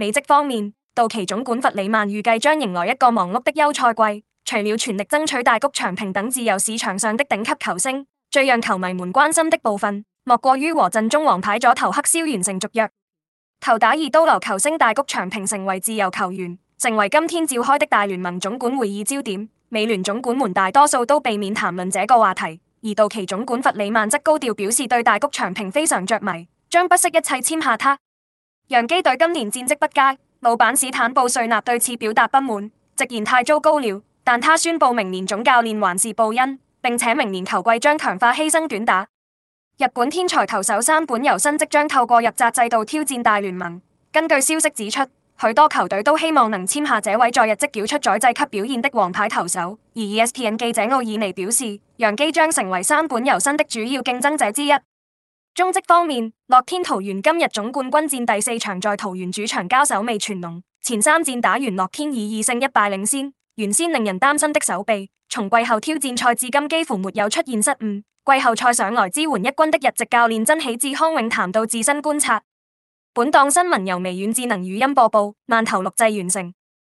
美職方面，道奇總管弗里曼預計將迎來一個忙碌的休賽季。除了全力爭取大谷翔平等自由市場上的頂級球星，最讓球迷們關心的部分，莫過於和陣中王牌左投黑消完成續約。投打二刀流球星大谷翔平成為自由球員，成為今天召開的大聯盟總管會議焦點。美聯總管們大多數都避免談論這個話題，而道奇總管弗里曼則高調表示對大谷翔平非常着迷，將不惜一切簽下他。洋基隊今年戰績不佳，老闆史坦布瑞納對此表達不滿，直言太糟糕了。但他宣布明年總教練還是布恩，並且明年球季將強化犧牲短打。日本天才投手山本由伸即將透過入閘制度挑戰大聯盟。根據消息指出，許多球隊都希望能簽下這位在日職繳出宰制級表現的王牌投手。而 ESPN 記者奧爾尼表示，洋基將成為山本由伸的主要競爭者之一。中職方面，樂天桃園今日總冠軍戰第四場在桃園主場交手味全龍，前三戰打完樂天以二勝一敗領先。原先令人擔心的手臂，從季後挑戰賽至今幾乎沒有出現失誤。季後賽上來支援一軍的日籍教練真喜志康永談到自身觀察，本檔新聞由微軟智能語音播報，慢頭錄製完成。